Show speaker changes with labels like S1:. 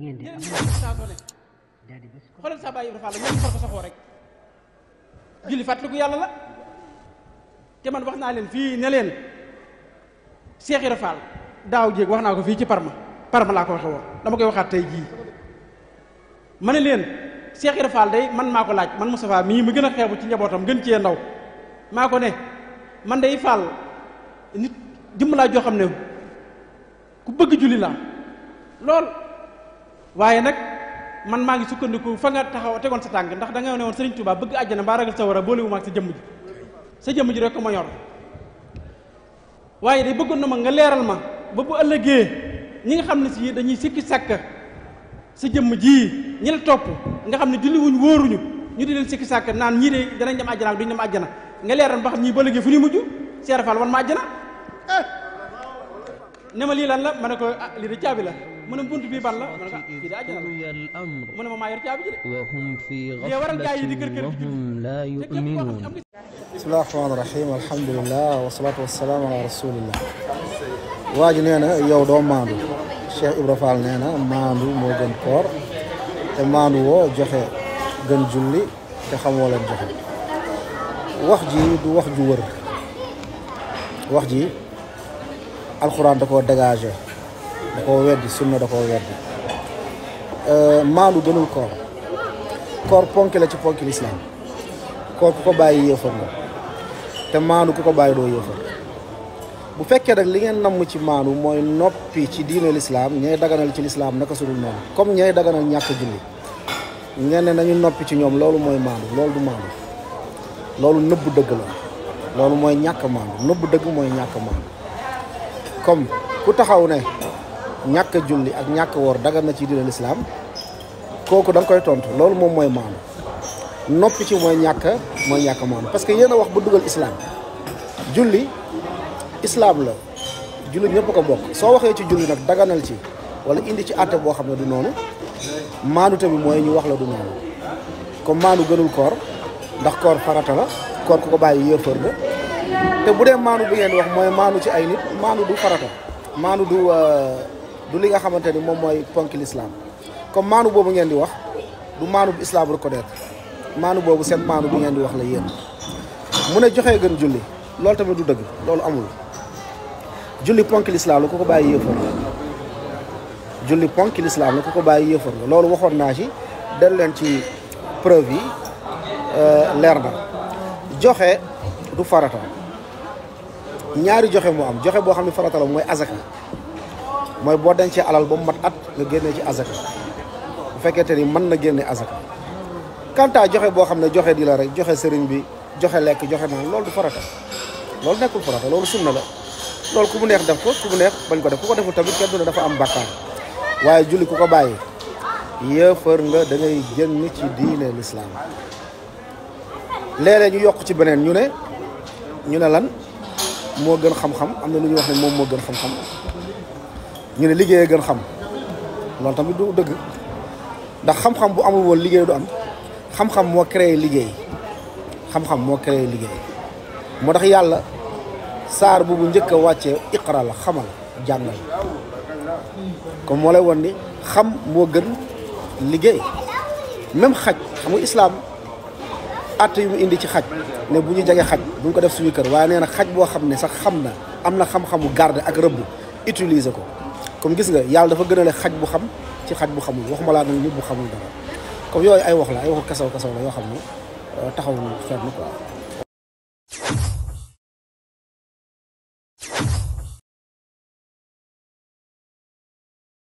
S1: ngeen di
S2: saasone xoolal sa bàyyi Ibra Fall ñoom far ko yàlla la te man wax naa leen fii ne leen Cheikh Ibra daaw jéeg wax naa ko fii ci Parma Parma laa ko waxe dama koy waxaat tey jii ma ne leen Cheikh Ibra day man maa ko laaj man Moustapha mii mu gën a xeebu ci njabootam gën cee ndaw maa ko ne man day Fall nit jëmm laa joo xam ne ku bëgg julli laa lool waaye nag man maa ngi sukkandiku fa nga taxaw tegoon sa tànk ndax da nga ne woon Serigne Touba bëgg àjjana mbaa ragal sa war a boole wu ma ak sa jëmm ji sa jëmm ji rek ko ma yor waaye day bëggoon na ma nga leeral ma ba ëllëgee ñi nga xam ne si dañuy sikki sàkk sa jëmm ji ñi la nga xam ne julli wóoruñu ñu di leen sikki sàkk naan ñii de danañ dem àjjana ak duñ dem àjjana nga leeral ba xam ba ëllëgee fu ñuy mujj seerafal wan ma àjjana eh! ne ma lii lan la ma ne ko ah lii de caabi la من بند في بالله من ما يرجع بجد وهم في غفلة
S1: لا يؤمنون بسم الله الرحمن الرحيم الحمد لله والصلاة والسلام على رسول الله واجي نينا يو دوم ماندو شيخ إبرافال نينا ماندو موغن كور ماندو وو جخي جن جولي تخمو لن جخي وخجي دو وخجي ور وخجي القرآن دكو دقاجه da koo weddi sunna da koo weddi euh, maandu gënul koor koor ponk la ci ponk lislaam koor ku ko bàyyi yéefar nga te maandu ku ko bàyyi doo yéefar bu fekkee nag li ngeen namm ci maandu mooy noppi ci diine lislaam ñay daganal ci lislaam naka sudul noonu comme ñay daganal ñàkk julli ngeen ne nañu noppi ci ñoom loolu mooy maandu loolu du maandu loolu nëbb dëgg la loolu mooy ñàkk maandu nëbb dëgg mooy ñàkk maandu comme ku taxaw ne ñàkk a julli ak ñàkk woor dagan na ci diine lislaam kooku da koy tontu loolu moom mooy maanu noppi ci mooy ñàkk mooy ñàkk maanu parce que yéen a wax ba dugal islaam julli la julli ñëpp ko bokk soo waxee ci julli nag daganal ci wala indi ci àtte boo xam ne du noonu maanu tamit mooy ñu wax la du noonu comme maanu gënul koor ndax koor farata la koor ko bàyyi yéefar te bu dee maanu bi ngeen wax mooy maanu ci ay nit maanu du farata maanu du euh, du li nga xamante ni moom mooy ponk l'islam comme maanu boobu ngeen wax du maanu bu islam reconnaître boobu seen maanu bi ngeen di wax la yéen mu ne joxe gën julli loolu tamit du dëgg loolu amul julli ponk l'islam la ku bàyyi yëfar la julli ponk l'islam la ku ko bàyyi yëfar la loolu waxoon naa ci del leen ci preuve yi euh, leer na joxe du farata ñaari joxe moo am joxe boo xam ne farata mooy azaka mooy boo dencee alal ba mu mat at nga génnee ci azaka bu fekkente ni mën na génne azaka quant à joxe boo xam ne joxe di la rek joxe sëriñ bi joxe lekk joxe naan loolu du farata loolu nekkul farata loolu na la loolu ku mu neex def ko ku mu neex bañ ko def ku ko deful tamit kenn du dafa am bàkkaar waaye julli ku ko bàyyi yëfër nga da ngay génn ci diine lislaam léeg-léeg ñu yokk ci beneen ñu ne ñu ne lan moo gën xam-xam am na ñu ñuy wax ne moom moo gën xam-xam ñu ne liggéey gën xam loolu tamit du dëgg ndax xam-xam bu amul woon liggéey du am xam-xam moo créé liggéey xam moo créé liggéey moo tax yàlla saar bu bu njëkk a wàccee iqra la xamal jàngal comme moo lay won ni xam moo gën liggéey même xaj xam islaam att yu mu indi ci xaj ne bu ñu jege xaj bu ñu ko def suñu kër waaye nee na xaj boo xam ne sax xam na am na xam-xamu garde ak rëbb utiliser ko comme gis nga yàlla dafa gën a xaj bu xam ci xaj bu xamul waxuma laa nag nit bu xamul dara comme yooyu ay wax la ay waxu kasaw kasaw la yoo xam ne euh,
S2: taxawul fenn quoi